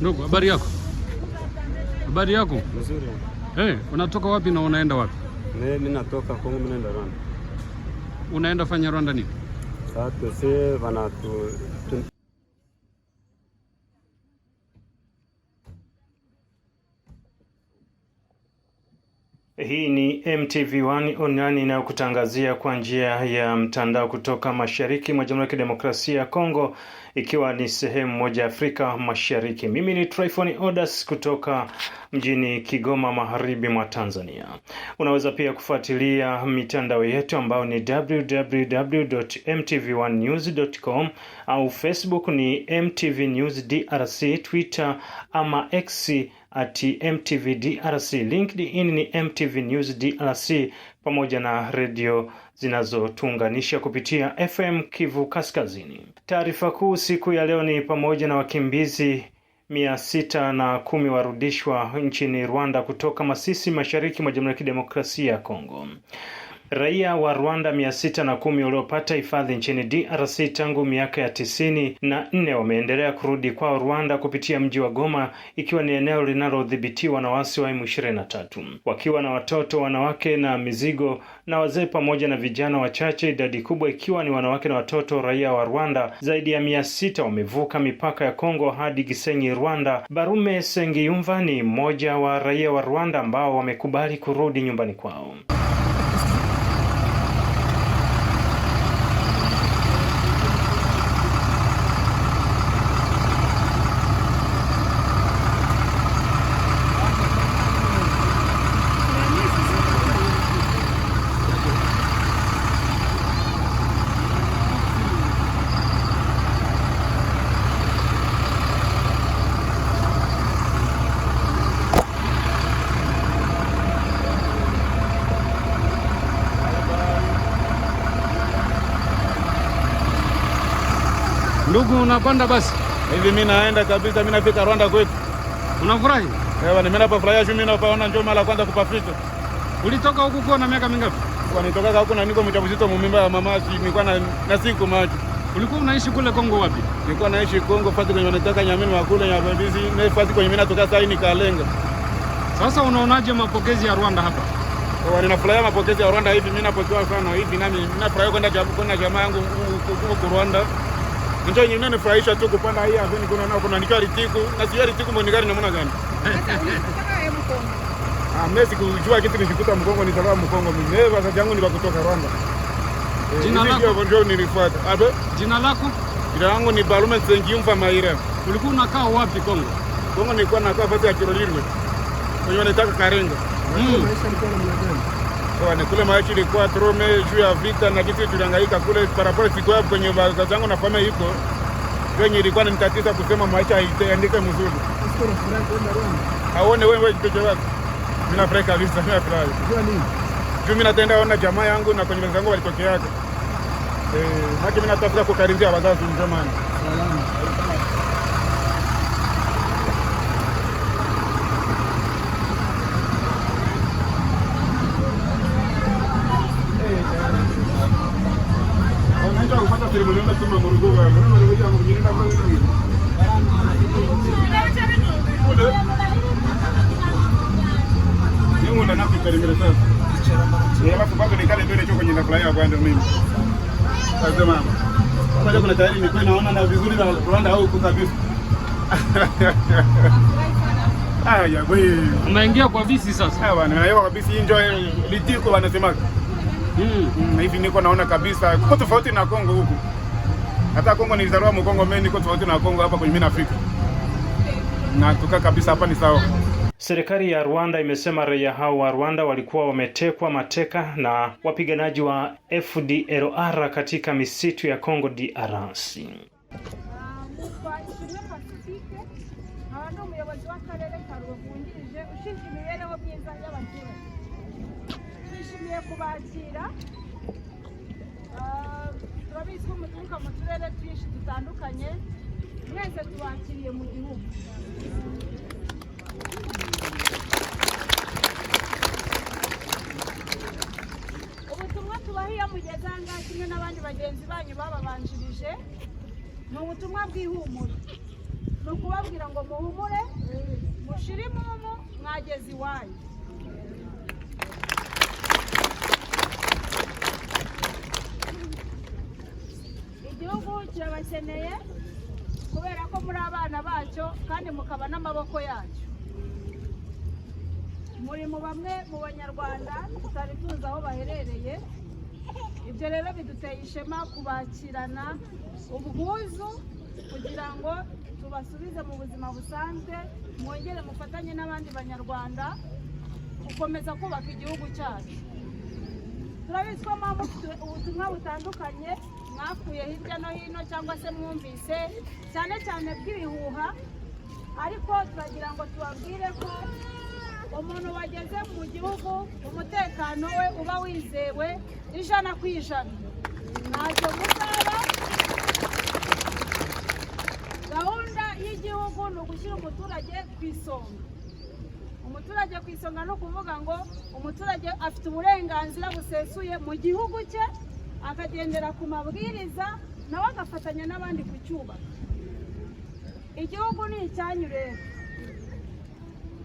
Ndugu, habari yako? Habari yako? Nzuri. Hey, eh, unatoka wapi na unaenda wapi? Mimi natoka Kongo, mimi naenda Rwanda. Unaenda fanya Rwanda nini? Sasa wanatu Hii ni MTV1 online inayokutangazia kwa njia ya mtandao kutoka mashariki mwa Jamhuri ya Kidemokrasia ya Kongo, ikiwa ni sehemu moja ya Afrika Mashariki. Mimi ni Tryphon Odas kutoka mjini Kigoma, magharibi mwa Tanzania. Unaweza pia kufuatilia mitandao yetu ambayo ni www.mtv1news.com au Facebook ni MTV News DRC, Twitter ama X at MTV DRC, LinkedIn ni MTV News DRC, pamoja na redio zinazotuunganisha kupitia FM Kivu Kaskazini. Taarifa kuu siku ya leo ni pamoja na wakimbizi mia sita na kumi warudishwa nchini Rwanda kutoka Masisi, mashariki mwa Jamhuri ya Kidemokrasia ya Kongo. Raia wa Rwanda mia sita na kumi waliopata hifadhi nchini DRC tangu miaka ya tisini na nne wameendelea kurudi kwao Rwanda kupitia mji wa Goma, ikiwa ni eneo linalodhibitiwa na waasi wa M23, wakiwa na watoto, wanawake na mizigo na wazee pamoja na vijana wachache, idadi kubwa ikiwa ni wanawake na watoto. Raia wa Rwanda zaidi ya mia sita wamevuka mipaka ya Kongo hadi Gisenyi, Rwanda. Barume Sengiyumva ni mmoja wa raia wa Rwanda ambao wamekubali kurudi nyumbani kwao. Ndugu, unapanda basi hivi? Mimi naenda kabisa, mimi nafika Rwanda kwetu. Unafurahi? Eh, bwana mimi napafurahia juu mimi napaona, njoo mara kwanza kupafika. Ulitoka huku kwa na miaka mingapi? Kwa Nitoka huku na niko mjamzito mumimba ya mama, si nilikuwa na, na siku macho. Ulikuwa unaishi kule Kongo wapi? Nilikuwa naishi Kongo fasi kwenye wanataka nyamini wa kule nyabandizi na fasi kwenye mimi natoka sasa ni Kalenga. Sasa unaonaje mapokezi ya Rwanda hapa? Kwa ninafurahia mapokezi ya Rwanda hivi mimi napokewa sana hivi nami ninafurahia kwenda kwenda jamaa yangu huko Rwanda. Njoo nyinyi mnanifurahisha tu kupanda hii aveni kuna nao kuna nikari tiku na sio tiku mbona gari namna gani? Ah, mimi sikujua kitu nishikuta Mkongo ni sababu Mkongo mimi. Wewe basi yangu ni kutoka Rwanda. Eh, Jina lako ndio nilifuata. Abe? Jina lako? Jina langu ni Balume Sengiyumva Maira. Ulikuwa unakaa wapi Kongo? Kongo nilikuwa nakaa fasi ya Kirolirwe. Kwa hiyo nataka Karenga. Mm ni kule maisha ilikuwa trome juu ya vita na kitu tulihangaika kule parapole sikuwa kwenye wazazi zangu na fama iko kwenye ilikuwa ni mtatiza kusema maisha aandike mzuri aone wewe kitu chako. Mimi nafurahi kabisa, mimi nafurahi juu mimi natenda ona jamaa yangu na kwenye zangu wenzangu walitokeaka eh, mimi natafuta kukaribia wazazi jamani. திரும்ப திரும்ப முருகு Mungu ndo nafikiri vile sasa. Ni alafu bado nikale mbele chuo kwenye nakula yao kwenda mimi. Sasa mama. Kwanza kuna tayari nilikuwa naona na vizuri na Rwanda au kabisa. Aya, wewe. Umeingia kwa visi sasa. Ah bwana, naelewa kabisa hii ndio eh, litiko wanasemaga mm. Mm, na hivi niko naona kabisa kuko tofauti na Kongo huku. Hata Kongo nilizaliwa Mkongo, mimi niko tofauti na Kongo hapa kwenye mimi Afrika na tuka kabisa hapa ni sawa. Serikali ya Rwanda imesema raia hao wa Rwanda walikuwa wametekwa mateka na wapiganaji wa FDLR katika misitu ya Kongo DRC. baturuka mu turere twinshi dutandukanye mwese tubakiriye mu gihugu ubutumwa tubahiye mugeze aha kimwe n'abandi bagenzi banyu bababanjirije ni ubutumwa bw'ihumure ni ukubabwira ngo muhumure mushire imumu mwageze iwanyu turabakeneye kubera ko muri abana bacyo kandi mukaba n'amaboko yacyo muri mu bamwe mu banyarwanda tutari tuzi aho baherereye ibyo rero biduteye ishema kubakirana ubwuzu kugira ngo tubasubize mu buzima busanzwe mwongere mufatanye n'abandi banyarwanda gukomeza kubaka igihugu cyacu turabitswamo ubutumwa butandukanye mwakuye hirya no hino cyangwa se mwumvise cyane cyane bw'ibihuha ariko turagira ngo tubabwire ko umuntu wageze mu gihugu umutekano we uba wizewe ijana ku ijana ntacyo muzaba gahunda y'igihugu ni ugushyira umuturage ku isonga umuturage ku isonga ni ukuvuga ngo umuturage afite uburenganzira busesuye mu gihugu cye akagendera ku mabwiriza nawe agafatanya n'abandi kucyubaka igihugu ni icyanyu rero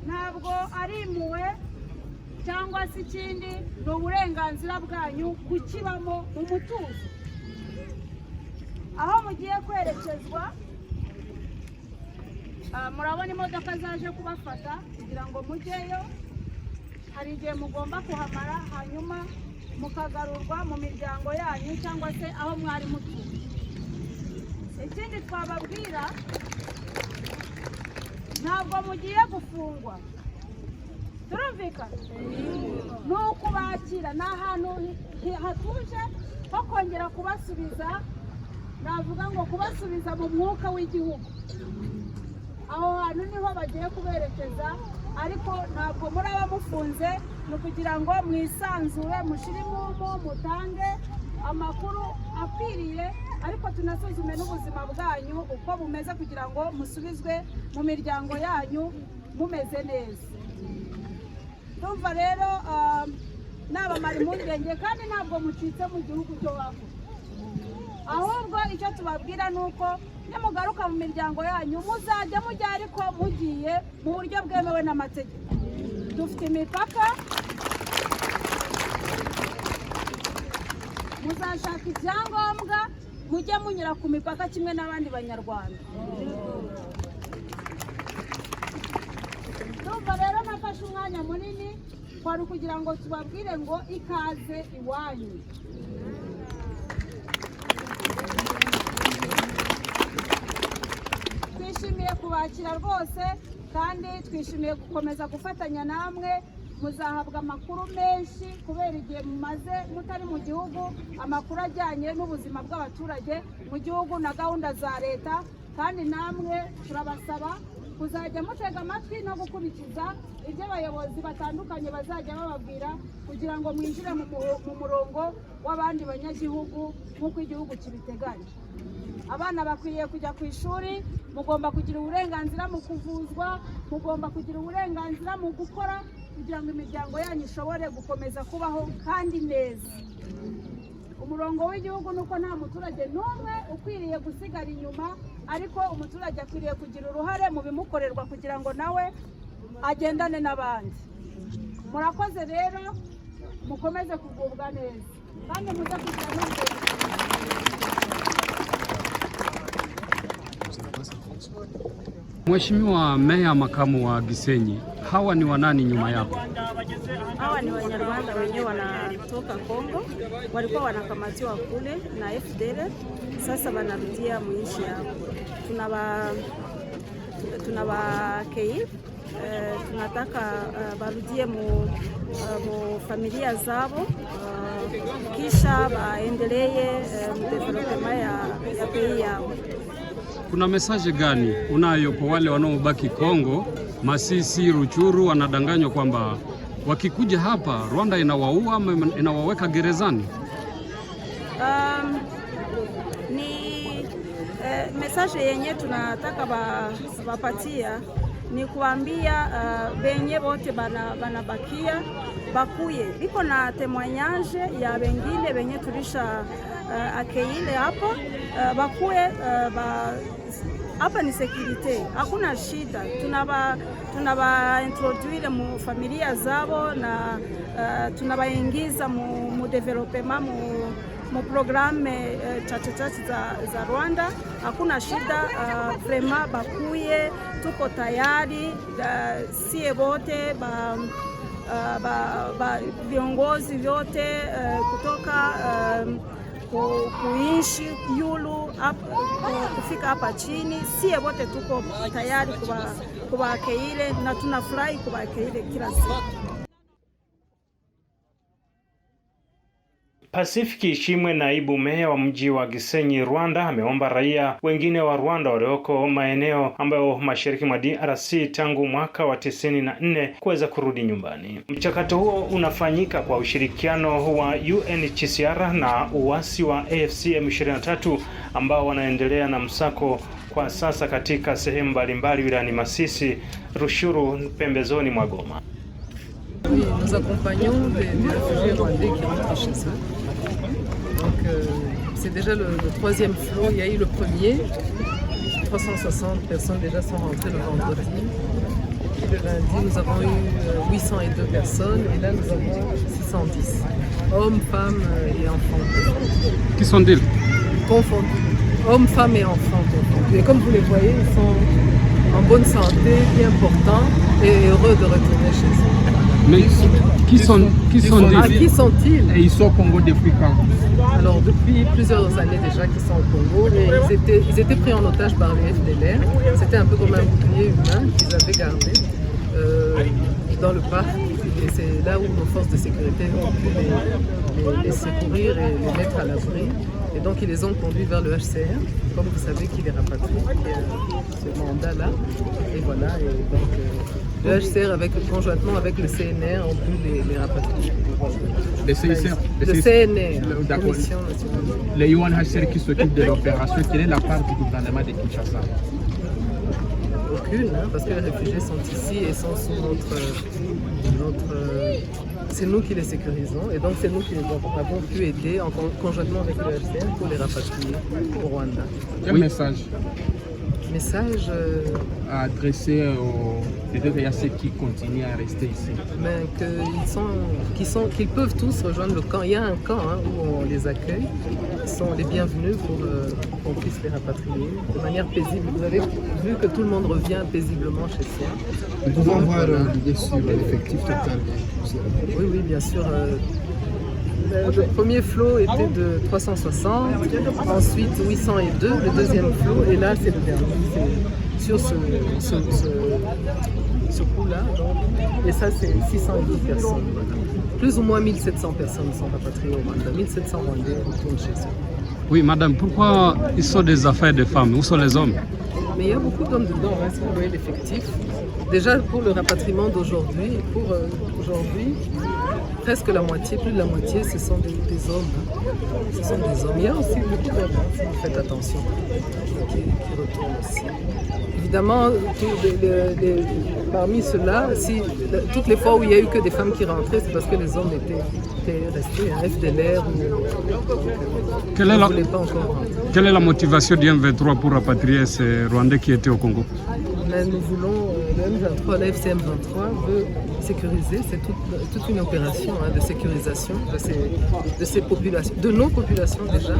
ntabwo ari impuhwe cyangwa se ikindi ni uburenganzira bwanyu kukibamo umutuzo aho mugiye kwerekezwa ah, murabona imodoka zaje kubafata kugira ngo mujyeyo hari igihe mugomba kuhamara hanyuma mukagarurwa mu miryango yanyu cyangwa se aho mwari mutuye ikindi twababwira ntabwo mugiye gufungwa turumvikana ni ukubakira ni ahantu hatuje ho kongera kubasubiza navuga ngo kubasubiza mu mwuka w'igihugu aho hantu niho bagiye kuberekeza ariko ntabwo muraba mufunze ni ukugira ngo mwisanzure mushyire ingufu mutange amakuru akwiriye ariko tunasuzume n'ubuzima bwanyu uko bumeze kugira ngo musubizwe mu miryango yanyu mumeze neza tumva rero um, nabamara impungenge kandi ntabwo mucitse mu gihugu cyo hakurya ahubwo icyo tubabwira ni uko nimugaruka mu miryango yanyu muzajya mujya ariko mugiye mu buryo bwemewe n'amategeko dufite imipaka muzashaka ibyangombwa mujye munyura ku mipaka kimwe n'abandi banyarwanda ndumva rero nafashe umwanya munini kwari ukugira ngo tubabwire ngo ikaze iwanyu twishimiye kubakira rwose kandi twishimiye gukomeza gufatanya namwe muzahabwa amakuru menshi kubera igihe mumaze mutari mu gihugu amakuru ajyanye n'ubuzima bw'abaturage mu gihugu na gahunda za leta kandi namwe turabasaba kuzajya mutega amatwi no gukurikiza ibyo abayobozi batandukanye bazajya bababwira kugira ngo mwinjire mu murongo w'abandi banyagihugu nk'uko igihugu kibiteganya abana bakwiye kujya ku ishuri mugomba kugira uburenganzira mu kuvuzwa mugomba kugira uburenganzira mu gukora kugira ngo imiryango yanyu ishobore gukomeza kubaho kandi neza umurongo w'igihugu ni uko nta muturage n'umwe ukwiriye gusigara inyuma ariko umuturage akwiriye kugira uruhare mu bimukorerwa kugira ngo nawe agendane n'abandi murakoze rero mukomeze kugubwa neza kandi muze kugira n'ubwenge Thank you. Mheshimiwa Meya makamu wa Gisenyi, hawa ni wanani nyuma yako? Hawa ni Wanyarwanda wenyewe wanatoka Kongo, walikuwa wanakamatiwa kule na FDL, sasa wanarudia mwinchi yao. tuna tunawakei uh, eh, tunataka uh, eh, barudie mu, uh, mu familia zao uh, kisha baendelee uh, mdevelopema ya, ya pei yao kuna mesaje gani unayo kwa wale wanaobaki Kongo, Masisi, Ruchuru, wanadanganywa kwamba wakikuja hapa Rwanda inawaua ama inawaweka gerezani? Um, ni eh, mesaje yenye tunataka wapatia ni kuambia uh, benye uh, bote banabakia bana bakuye biko na temwanyaje ya wengine wenye tulisha uh, akeile hapo uh, bakuwe uh, ba, hapa ni sekurite, hakuna shida, tunaba tunabaintroduire mu familia zabo na uh, tunabaingiza mu, mu development mu, mu programe uh, chache za, za Rwanda. Hakuna shida uh, bakuye, tuko tayari uh, sie bote ba uh, viongozi vyote uh, kutoka uh, kuishi yulu kufika hapa chini. Sie wote tuko tayari kuwakeile na tunafurahi kuwakeile kila siku. Pacific Ishimwe, naibu meya wa mji wa Gisenyi, Rwanda, ameomba raia wengine wa Rwanda walioko maeneo ambayo mashariki mwa DRC tangu mwaka wa tisini na nne kuweza kurudi nyumbani. Mchakato huo unafanyika kwa ushirikiano wa UNHCR na uasi wa AFC M23 ambao wanaendelea na msako kwa sasa katika sehemu mbalimbali wilayani Masisi, Rushuru, pembezoni mwa Goma. Donc euh, c'est déjà le, troisième flot, il y a eu le premier. 360 personnes déjà sont rentrées le vendredi. Et le lundi, nous avons eu 802 euh, personnes et là nous avons 610. Hommes, femmes euh, et enfants. Qui sont-ils Confondus. Hommes, femmes et enfants Et comme vous les voyez, ils sont en bonne santé, bien portants et heureux de retourner chez eux. Mais qui sont, qui sont, ah, ils Et ils sont au Congo depuis quand Alors depuis plusieurs années déjà qu'ils sont au Congo, mais ils étaient, pris en otage par les FDLR. C'était un peu comme un bouclier humain qu'ils avaient gardé euh, dans le parc et c'est là où nos forces de sécurité ont pu les, secourir et les mettre à l'abri. Et donc ils les ont conduits vers le HCR, comme vous savez qu'il est rapatrié, qui euh, ce mandat-là. Et voilà, euh, le HCR avec, conjointement avec le CNR ont pu les, les Le CNR le, le CNR, UNHCR qui s'occupe de l'opération, quelle est la part du gouvernement de Kinshasa Hein, parce que les réfugiés sont ici et sont sous notre... c'est nous qui les sécurisons et donc c'est nous qui les avons pu aider en conjointement avec le FCN pour les rapatrier au Rwanda. Quel message Message euh, à adresser euh, aux il y a ceux qui continuent à rester ici Mais Qu'ils sont, sont, peuvent tous rejoindre le camp. Il y a un camp hein, où on les accueille. Ils sont les bienvenus pour euh, qu'on puisse les rapatrier de manière paisible. Vous avez vu que tout le monde revient paisiblement chez soi. Nous pouvons avoir un euh, l'idée sur l'effectif total Oui, oui, bien sûr. Euh, le premier flot était de 360, ensuite 802, le deuxième flot, et là c'est le dernier. Sur ce, ce coup-là. Et ça, c'est 610 personnes. Plus ou moins 1700 personnes sont rapatriées au Rwanda. 1700 Rwandais retournent chez eux. Oui, madame, pourquoi ils sont des affaires de femmes Où sont les hommes Mais il y a beaucoup d'hommes dedans, hein, si vous voyez l'effectif. Déjà, pour le rapatriement d'aujourd'hui, pour euh, aujourd'hui, presque la moitié, plus de la moitié, ce sont des, hommes. Hein. Ce sont des hommes. Il y a aussi beaucoup d'hommes, hein. faites attention, qui Évidemment, parmi ceux-là, si, toutes les fois où il n'y a eu que des femmes qui rentraient, c'est parce que les hommes étaient, restés à hein, FDLR ou quelle ne pas encore Quelle est la motivation du M23 pour rapatrier ces Rwandais qui étaient au Congo mais nous voulons, le euh, 23 la FCM23 veut sécuriser, c'est toute, une opération hein, de sécurisation de ces, populations, de nos populations déjà,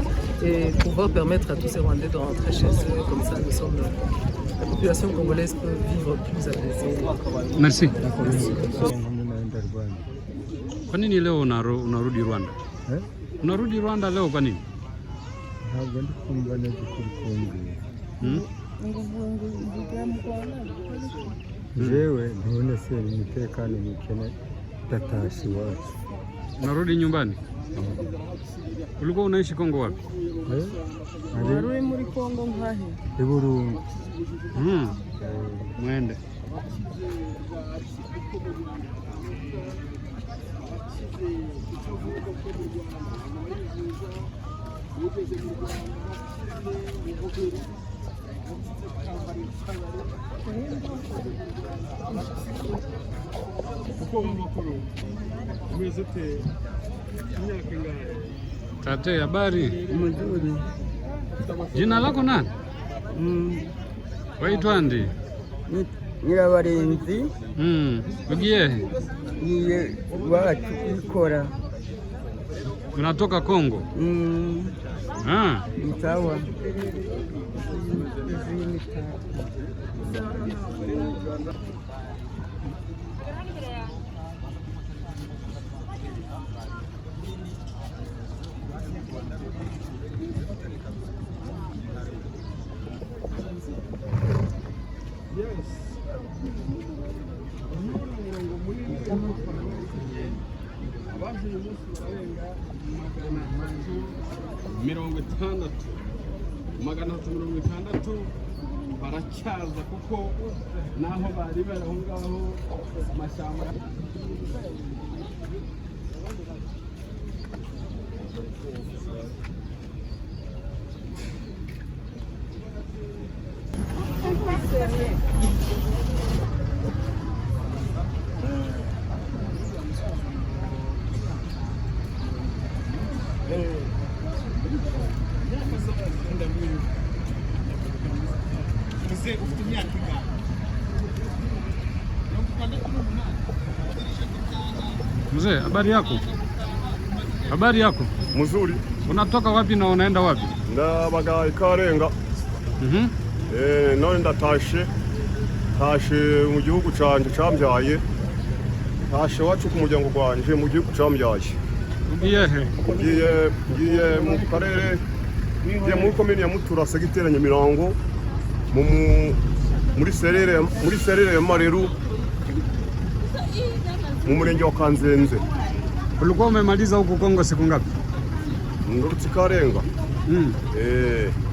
et pouvoir permettre à tous ces Rwandais de rentrer chez eux. Comme ça, nous sommes, euh, la population congolaise peut vivre plus apaisée. Merci. Merci. Jewe nione sie ni mutekano mukene tatashi wapi? narudi nyumbani? Ulikuwa unaishi Kongo wapi? Narudi eh? muri Kongo Nkwahe. Iburungu. Hmm. Mwende tate habari mzuri jina lako nani mm. waitwa ndi nyirabarenzi mm. ugiye ngiye wacu kubikora unatoka Kongo mm. ah. sawa mirongo itandatu magana atatu mirongo itandatu baracyaza kuko naho bari bari aho ngaho amashyamba habari yako? habari yako? Mzuri. unatoka wapi na unaenda wapi? ndabaga Ikarenga. mm -hmm. e, eh, none tashe mu gihugu canje cambyaye tashe wacu ku muryango gwanje mu gihugu cambyaye ngiyehe ngiye ngiye mu karere ngiye muri komini ya Mutura segitera Nyamirango muri serere ya Mareru mumurenge wa Kanzenze. Ulikuwa umemaliza huko Kongo siku ngapi? Ndurutse Karenga. Mm. Eh.